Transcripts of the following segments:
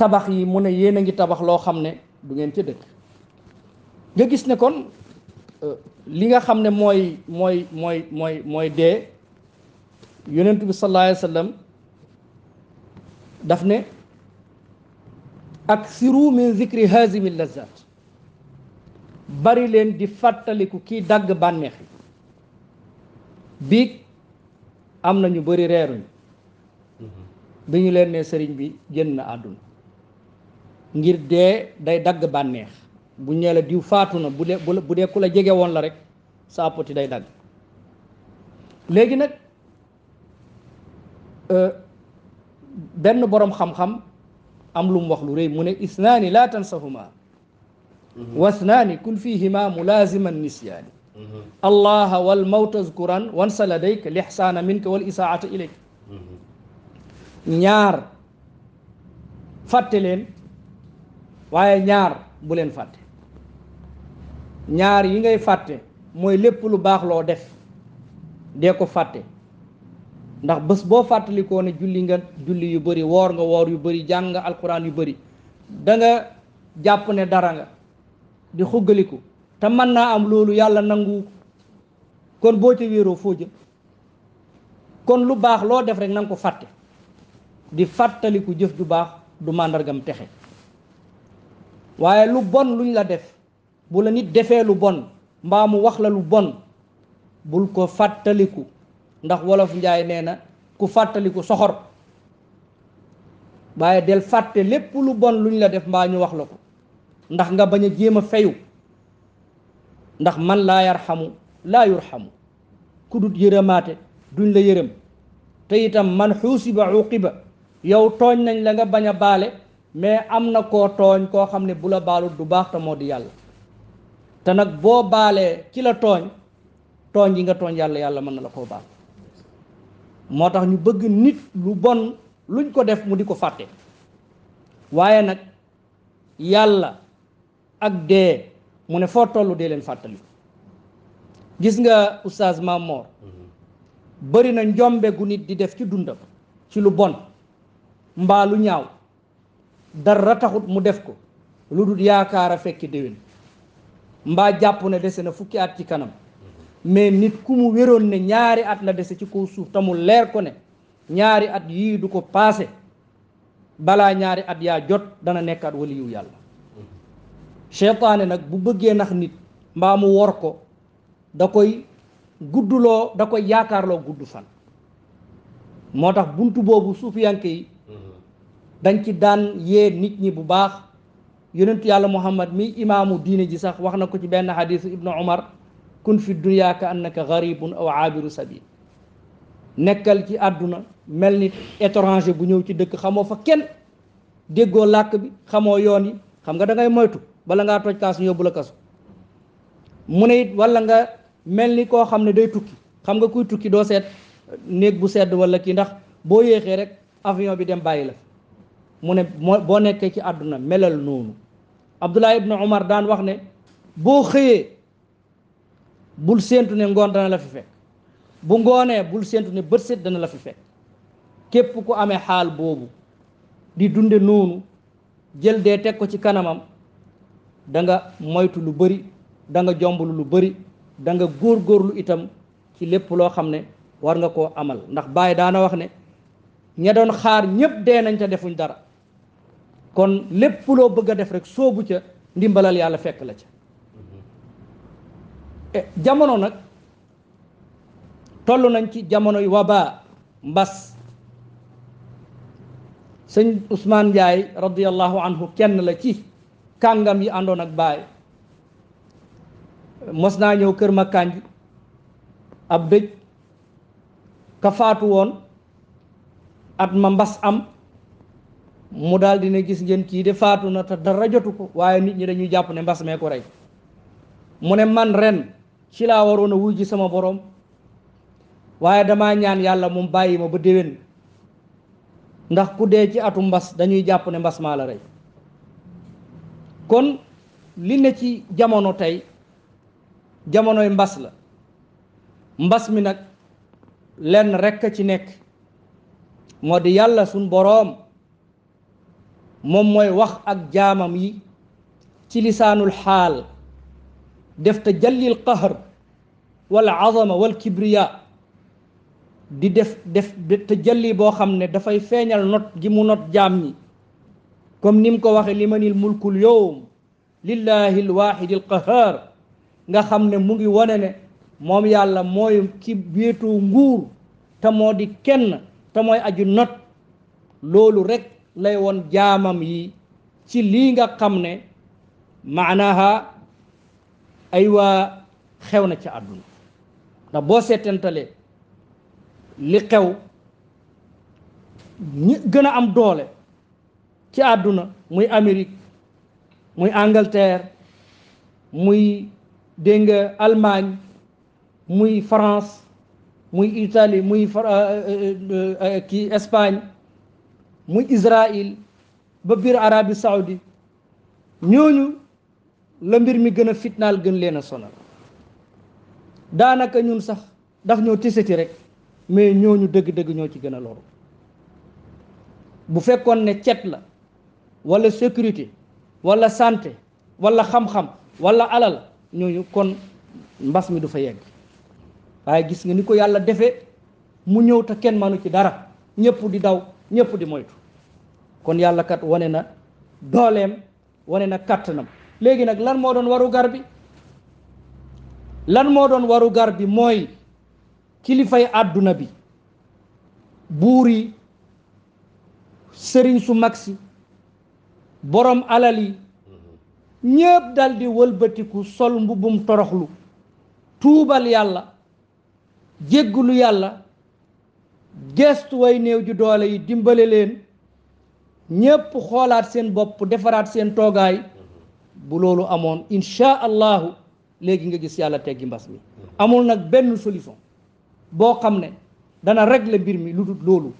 tabax yi mu ne yéen a ngi tabax loo xam ne du ngeen ca dëkk nga gis ne kon euh, li nga xam ne mooy mooy mooy mooy mooy dee yonent bi sallallahu alayhi wa sallam daf ne aksiru min zikri hazimi lazat bari leen di fàttaliku kii dagg bànneex yi biig am na ñu bëri reeruñ mm-hmm. bi ñu leen ne sëriñ bi génn na àdduna ngir dee day dagg bànneex bu ñee la diw faatu na bu dee bu dee ku la jege woon la rek sa appati day dagg léegi nag euh, benn boroom xam-xam am lum wax lu rey mu ne isnaani laa tansahuma mm-hmm. wasnaani kun fihima mulaaziman nisyaani mm-hmm. allaha wal mawta zkuran wansa ladayka lixsaana minka wal isaata ilayk mm-hmm. ñaar fàtte leen waaye ñaar bu leen fàtte ñaar yi ngay fàtte mooy lépp lu baax loo def dee ko fàtte ndax bés boo fàttalikoo ne julli nga julli yu bëri woor nga woor yu bëri jàng alquran yu bëri da nga jàpp ne dara nga di xuggaliku te mën naa am loolu yàlla nangu kon boo ci wéeroo foo kon lu baax loo def rek na ko fàtte di fàttaliku jëf ju baax du mandargam texe waaye lu bon luñ la def bu la nit defee lu bon mbaa mu wax la lu bon bul ko fàttaliku ndax wolof njaay nee na ku fàttaliku soxor waaye del fàtte lépp lu bon luñ la def mbaa ñu wax la ko ndax nga bañ a jéem a fayu ndax man laa yar xamu laa yurxamu ku dut yërëmaate duñ la yërëm te itam man xuusiba uqiba yow tooñ nañ la nga bañ a baale mais am na koo tooñ koo xam ne bu la baalut du baax te moo di yàlla te nag boo baalee ki la tooñ tooñ yi nga tooñ yàlla yàlla mën na la koo baax moo tax ñu bëgg nit lu bon luñ ko def mu di ko fàtte waaye nag yàlla ak dee mu ne foo tollu dee leen fàttali gis nga oustaz Mamor mm-hmm. bëri na njombe gu nit di def ci dundam ci lu bon mbaa lu ñaaw dara taxut mu def ko lu dul yaakaar a fekki déwén mbaa jàpp ne dese na fukki at ci kanam mais nit ku mu wéroon ne ñaari at la dese ci kaw suuf tamul leer ko ne ñaari at yii du ko paase balaa ñaari at yaa jot dana nekkaat waliyu yàlla seytaane nag bu bëggee nax nit mbaa mu wor ko da koy gudduloo da koy yaakaarloo gudd fan moo tax bunt boobu suufiyanke yi dañ ci daan yee nit ñi bu baax yonentu yàlla muhammad mi imaamu diine ji sax wax na ko ci benn xadisu ibnu umar kun fi dunya ka annaka garibun aw aabiru sabil nekkal ci àdduna mel ni étranger bu ñëw ci dëkk xamoo fa kenn déggoo làkk bi xamoo yoon yi xam nga dangay moytu bala ngaa toj kaas ñu yóbbu la kasu mu ne it wala nga mel ni koo xam ne day tukki xam nga kuy tukki doo seet néeg bu sedd wala kii ndax boo yéexee rek avion bi dem bàyyi la mu ne boo nekkee ci àdduna melal noonu abdullah ibnu omar daan wax ne boo xëyee bul séentu ne ngoon dana la fi fekk bu ngoonee bul séentu ne bët set dana la fi fekk képp ku amee xaal boobu di dunde noonu jël dee teg ko ci kanamam danga moytu lu bëri da nga jomblu lu bari danga góor góorlu itam ci lépp loo xam ne war nga ko amal ndax bàyyi daana wax ne ña xaar ñëpp dee nañ te defuñ dara kon lépp loo bëgg a def rek soobu ca ndimbalal yàlla fekk la ca e, jamono nag tollu nañ ci jamonoy waba mbas sëñ Ousmane Ndiaye radiyallahu anhu kenn la ci kàngam yi àndoon ak baay mos naa ñëw kër ma kànj ab dëj ka woon at ma mbas am mu daal ne gis ngeen kii de faatu na te dara jotu ko waaye nit ñi dañuy jàpp ne mbas mee ko rey mu ne man ren ci laa waroon a wuy ji sama boroom waaye damaa ñaan yàlla moom bàyyi ma ba déwén ndax ku dee ci atu mbas dañuy jàpp ne mbas maa la rey kon li ne ci jamono tey jamonoy mbas la mbas mi nag lenn rekk a ci nekk moo di yàlla sun boroom moom mooy wax ak jaamam yi ci lisaanul xaal def te jallil qahr wal azama wal kibriya di def def te jalli boo xam ne dafay feeñal not gi mu not jaam ñi comme ni mu ko waxe limanil mulkul yowm lillahi alwaxidi alqahar nga xam ne mu ngi wone ne moom yàlla mooy ki wéetoo nguur te moo kenn te mooy aju not loolu rek lay woon jaamam yi ci lii nga xam ne maanaaha ay waa xew na ci àdduna ndax boo seetantale li xew gën a am doole ci àdduna muy Amérique muy Angleterre muy dégg nga Allemagne muy France muy Italie muy euh, euh, euh, kii Espagne mu Israël ba biir Arabie Saoudi ñooñu la mbir mi gën a fitnaal gën leen a sonal daanaka ñun sax daf ñoo tisati rek mais ñooñu dëgg-dëgg ñoo ci gën a loru bu fekkoon ne cet la walla sécurité walla santé walla xam-xam walla alal ñooñu kon mbas mi du fa yegg waaye gis nga ni ko yàlla defee mu ñëw te kenn manu ci dara ñëpp di daw ñëpp di moytu kon yàlla kat wane na dooleem wane na kàttanam léegi nag lan moo doon waru gar bi lan moo doon waru gar bi mooy kilifay àdduna bi buur yi sëriñ su mag si borom alal yi ñépp dal di sol mbubum toroxlu tuubal yàlla jéggulu yàlla gestu way new ju doole yi dimbale leen ñépp xoolaat seen bopp defaraat seen toogaay bu loolu amoon insha allahu léegi nga gis yàlla teggi mbas mi amul nag benn solution boo xam ne dana régle mbir mi lu dul loolu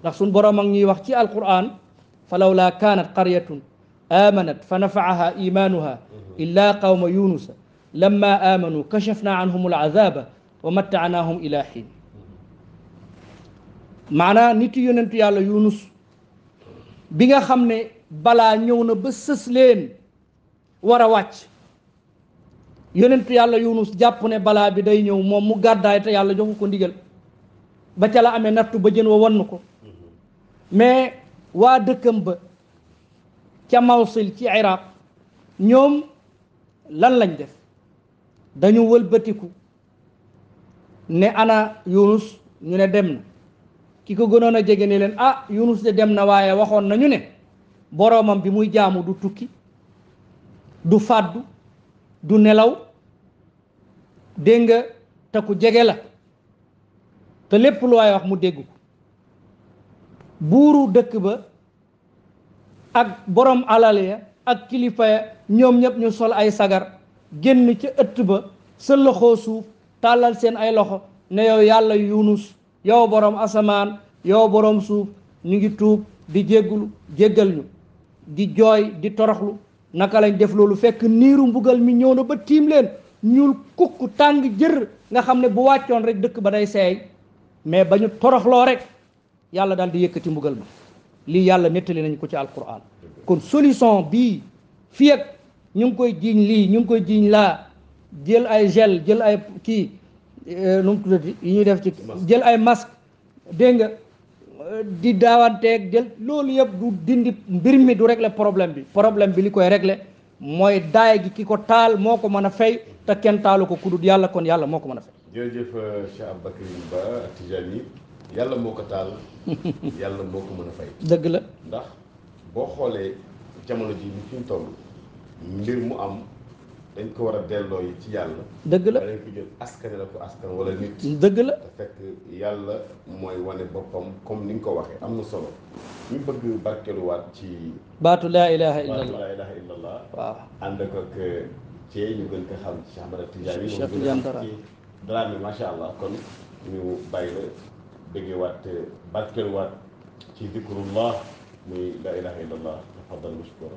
ndax suñ borom ak ñuy wax ci alquran falawla kanat qaryatun amanat آمنت فنفعها illa إلا قوم يونس amanu kashafna anhum alazaba wa matta'nahum ila حين maanaa nit yonentu yàlla yunus bi nga xam ne balaa ñëw na ba sës war a wàcc yonentu yàlla yunus jàpp ne balaa bi day ñëw moom mu gàddaay te yàlla joxu ko ndigal ba ca la amee nattu ba jën wa wann ko mais waa dëkkam ba ca mawsil ci iraq ñoom lan lañ def dañu wëlbatiku ne ana yunus ñu ne dem na ki ko gënoon a jege ne leen ah Yunus de dem na waaye waxoon nañu ne boroomam bi muy jaamu du tukki du fàddu du nelaw dénga nga te ku jege la te lépp lu waay wax mu dégg ko buuru dëkk ba ak borom alal ya ak kilifa ya ñoom ñëpp ñu sol ay sagar génn ca ëtt ba sa loxo suuf tàllal seen ay loxo ne yow yàlla Yunus yow borom asamaan yow borom suuf ñu ngi tuub di jéggulu jéggal ñu di jooy di toroxlu naka lañ def loolu fekk niiru mbugal mi ñëw na ba tiim leen ñuul kukk tàng jër nga xam ne bu wàccoon rek dëkk ba day seey mais ba ñu toroxloo rek yàlla daal di yëkkati mbugal ma lii yàlla nettali nañ ko ci alquran kon solution bii fii ñu ngi koy jiiñ lii ñu ngi koy jiiñ laa jël ay gel jël ay kii lu euh, mu yi ñuy def ci jël ay masque dégg nga euh, di daawanteeg jël loolu yëpp du dindi mbir mi du régler problème bi problème bi li koy regle mooy daay gi ki ko taal moo ko mën a fay te kenn taalu ko kudut yàlla kon yàlla moo ko mën a fay jërëjëf euh, Cheikh Aboubacry Ba yàlla moo ko taal yàlla moo ko mën a fay dëgg la ndax boo xoolee jamono ji ni fi mu mbir mu am dañ ko war a delloo ci yàlla. dëgg la dañ ko jël askan la ko askan wala nit. dëgg la te fekk yàlla mooy wane boppam comme ni nga ko waxee am nu solo ñu bëgg barkeluwaat ci. baatu laa ilaha illallah baatu laa ilaha illallah. waaw ànd ak ak cee ñu gën ko xam ci Cheikh Ahmada Tidiane. Cheikh Tidiane Dara ci Dramé macha allah kon ñu bàyyi la déggewaat barkeluwaat ci zikrullah muy laa ilaha illallah tafaddal mashkura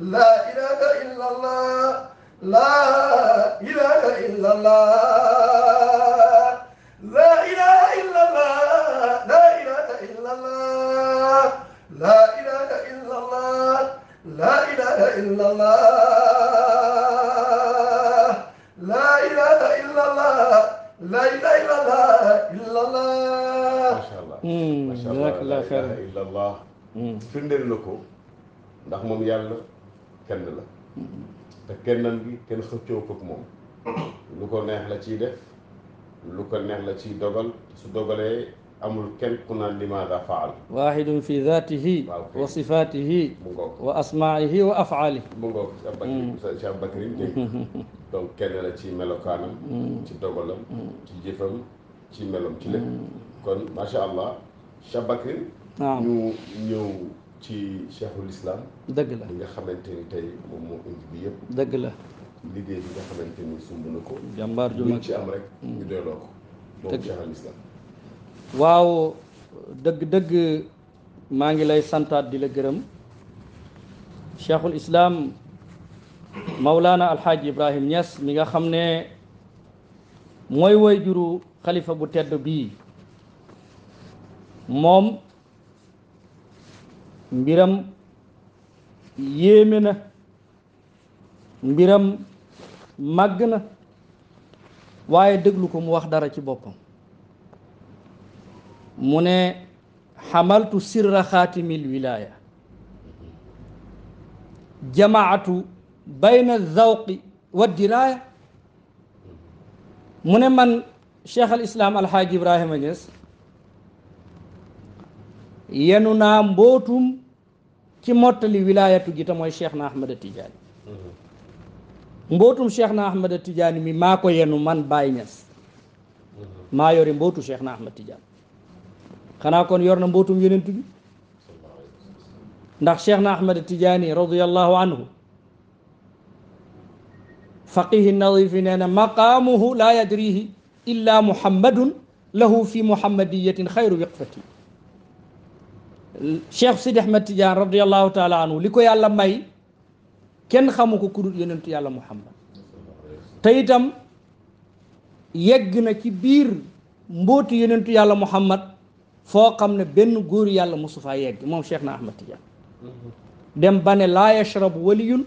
لا إله إلا الله لا إله إلا الله لا إله إلا الله لا إله إلا الله لا إله إلا الله لا إله إلا الله لا إله إلا الله لا إله إلا الله إلا الله ما شاء الله ما شاء الله لا إله إلا الله firndeel na ko ndax kenn la te kennal gi kenn xëccoo ko moom lu ko neex la ciy def lu ko neex la ciy dogal su dogalee amul kenn ku naan limaada faal waahidun fi zaatihi wa sifaatihi mu ngoog wa asmaihi wa afaalihi mu ngoog Cheikh Bakri dégg donc kenn la ci melokaanam ci dogalam ci jëfam ci melam ci lépp kon macha allah Cheikh Bakri ñu ñëw ci cheikhul islam. dëgg la li nga xamante ni tey moom moo indi bi yëpp. dëgg la. liggéey bi nga xamante ni sumb na ko. jàmbaar ju mag ci am rek. Mm. ñu doyloo ko. moom cheikhul islam. waaw dëgg-dëgg maa ngi lay santaat di la gërëm cheikhul islam Maulana Alhaji Ibrahim Niass mi nga xam ne mooy woy juru xalifa bu tedd bii moom. mbiram yemina mbiram magna waye déglu ko mu wax dara ci bopam mune hamaltu sirra xaatimil wilaya jamaatu bayna zawqi wa diraya mune man cheikh al islam al-haji alhaaji ibrahima Niass yenu naa mbootum ci motali wilayatu gi te mooy cheikh na ahmada tidiane mbotum cheikh na ahmada tidiane mi mako yenu man Baye ma yori mbotu mbootu cheikh na ahmada tidiane xana kon yorna mbotum yenentu bi ndax cheikh na ahmada tidiane radiyallahu anhu فقيه النظيف nee مقامه لا يدريه إلا محمد له في محمدية خير وقفتي cheikh Sidi Ahmed Tidiane radiallahu taala anhu li ko yàlla may kenn xamu ko kudut yonentu yàlla muhammad te itam yegg na ci biir mbóoti yonentu yàlla muhammad foo xam ne benn góor yàlla mosu faa yegg moom cheikh na Ahmed Tidiane dem ba ne laa yashrabu waliyun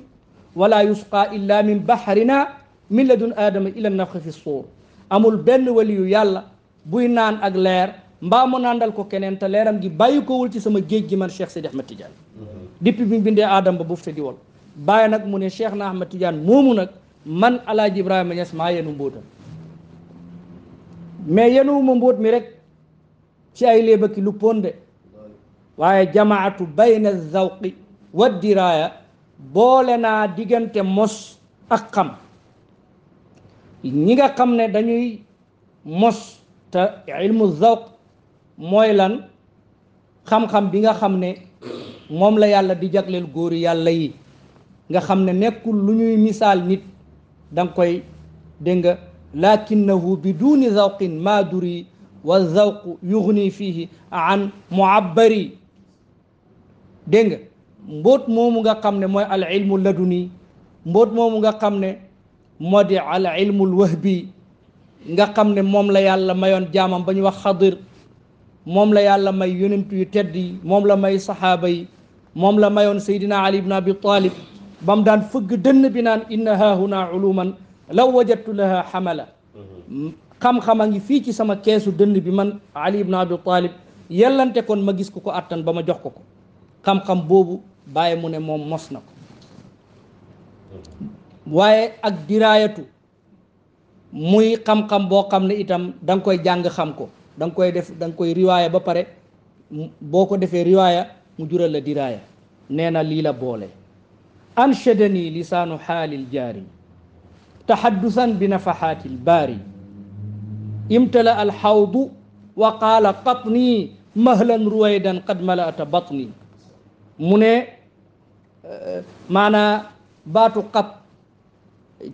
wala yusqa illa min bahrina min ladun aadama ila nafxi fi suur amul benn waliyu yàlla buy naan ak leer mbaa mu nàndal ko keneen te leeram gi bàyyi ko wul ci sama géej gi man Cheikh Sidi Ahmed Tidiane depuis bi mu bindee aadam ba bufte di wol bàyyi nag mu ne Cheikh na Ahmed Tidiane moomu nag man alaaji Ibrahima Niass maa yenu mbóotam mais yenuwuma mbóot mi rek ci ay léebaki lu ponde waaye jamaatu bayna zawqi wa boole naa diggante mos ak xam ñi nga xam ne dañuy mos te ilmu zawq mooy lan xam-xam bi nga xam ne moom la yàlla di jagleel góor yàlla yi nga xam ne nekkul lu ñuy misaal nit dang koy dégg nga lakinnahu biduni zawqin maduri wa zawqu yugni fihi an muabbari dégg nga mbóot moomu nga xam ne mooy al ilmu laduni mbóot moomu nga xam ne moo di al ilmul wahbi nga xam ne moom la yàlla mayoon jaamam ba ñu wax xadir موم لا يالا ماي yonent yu تيدي موم لا ماي may موم لا مايون سيدنا علي بن ali طالب بام talib فغ دن بي نان dënn bi naan inna haahuna uluman law wajadtu خم xamala xam-xam a ngi fii ci sama keesu dënn bi man ali ibn abi talib yellante kon ma gis ko ko خم ba ma jox ko موم xam waye ak dirayatu muy xam-xam bo xamne itam dang koy jàng xam ko da koy def da koy riwaaya ba pare boo ko defee riwaaya mu jural la diraaya nee na lii la boole anshadani lisaanu xaalil jaari taxaddusan bi nafaxaatil baari imtala al xawdu wa qaala qatni mahlan ruwaydan qad malata batni mu ne eh, maanaa baatu qat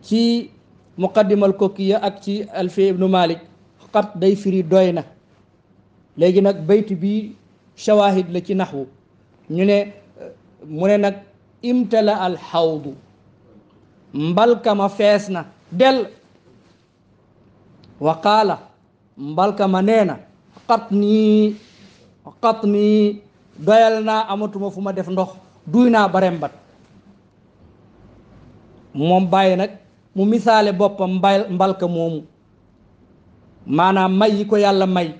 ci muqaddimal kokkiya ak ci alfi ibnu malik qat day firi doy na léegi nag bayt bi shawahid la ci naxwu ñu ne mu ne nag imtala al xawdu mbalkama fees na del wa mbalka ma nee na xat nii xat nii doyal naa amatuma fu ma def ndox duy naa barembat moom bàyyi nag mu misaale boppam mbalka moomu maanaam may yi ko yàlla may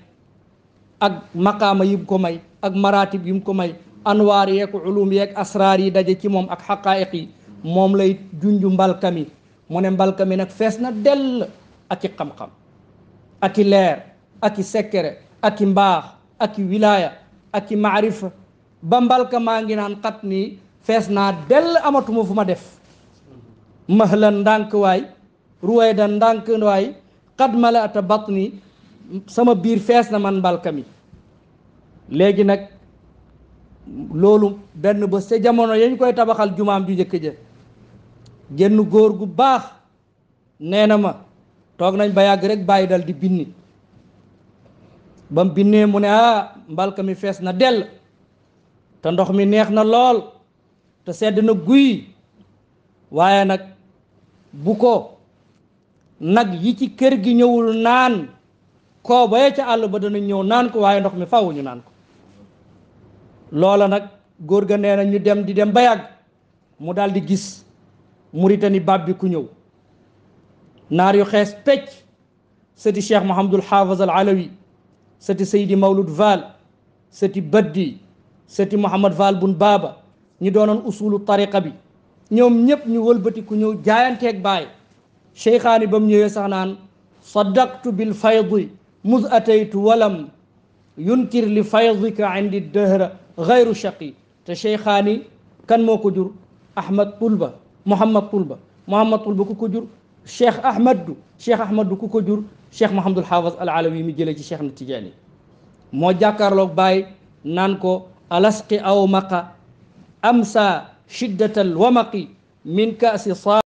ak maqaama yi ko may ak maratib yi mu ko may anwaar yeeg ulum yeeg asraar yi daje ci moom ak xaqaayiq moom lay junj mbalkami mu ne mbalkami nag fees na dell ak i xam-xam ak i leer ak i sekkere ak mbaax ak wilaaya ak i ba mbalka maa ngi naan xat nii fees naa dell amatuma fu ma def mahlan ndànk waay ruwayda ndànk waay qad malata batni sama biir fees na man mbalka mi léegi nag loolu benn bés ca jamono yañ koy tabaxal jumaam ju jëkk ja génn góor gu baax nee na ma toog nañ ba yàgg rek bàyyi dal di binni ba mu binnee mu ne ah mbalka mi fees na dell te ndox mi neex na lool te sedd na guy waaye nag bu ko nag yi ci kër gi ñëwul naan koo baye ca àll ba dana ñëw naan ko waaye ndox mi faw ñu naan ko loola nag góor ga nee na ñu dem di dem ba yàgg mu daldi di gis muritani bab bi ku ñëw naar yu xees pecc sëti cheikh mahamadul xaafaz al alawi sëti saydi mawlud vaal sëti baddi sëti mouhamad vaal bun baaba ñi doonoon usulu tariqa bi ñoom ñëpp ñu wëlbati ku ñëw jaayanteeg baay cheykhaani ba mu ñëwee sax naan saddaqtu bil faydi mus ataytu walam yunkir li faydika indi dëhra gayru shaqi te cheykhaani kan moo ko jur ahmad tulba mouhamad tulba mouhamad tulba ku ko jur cheikh ahmadou cheikh ahmadou ku ko jur cheikh mahamadul haafaz al alawi mi jëlee ci cheikh na tijaani moo jàkkaarloog bàyyi naan ko alasqi aw maqa amsa shiddatal wamaqi min kaasi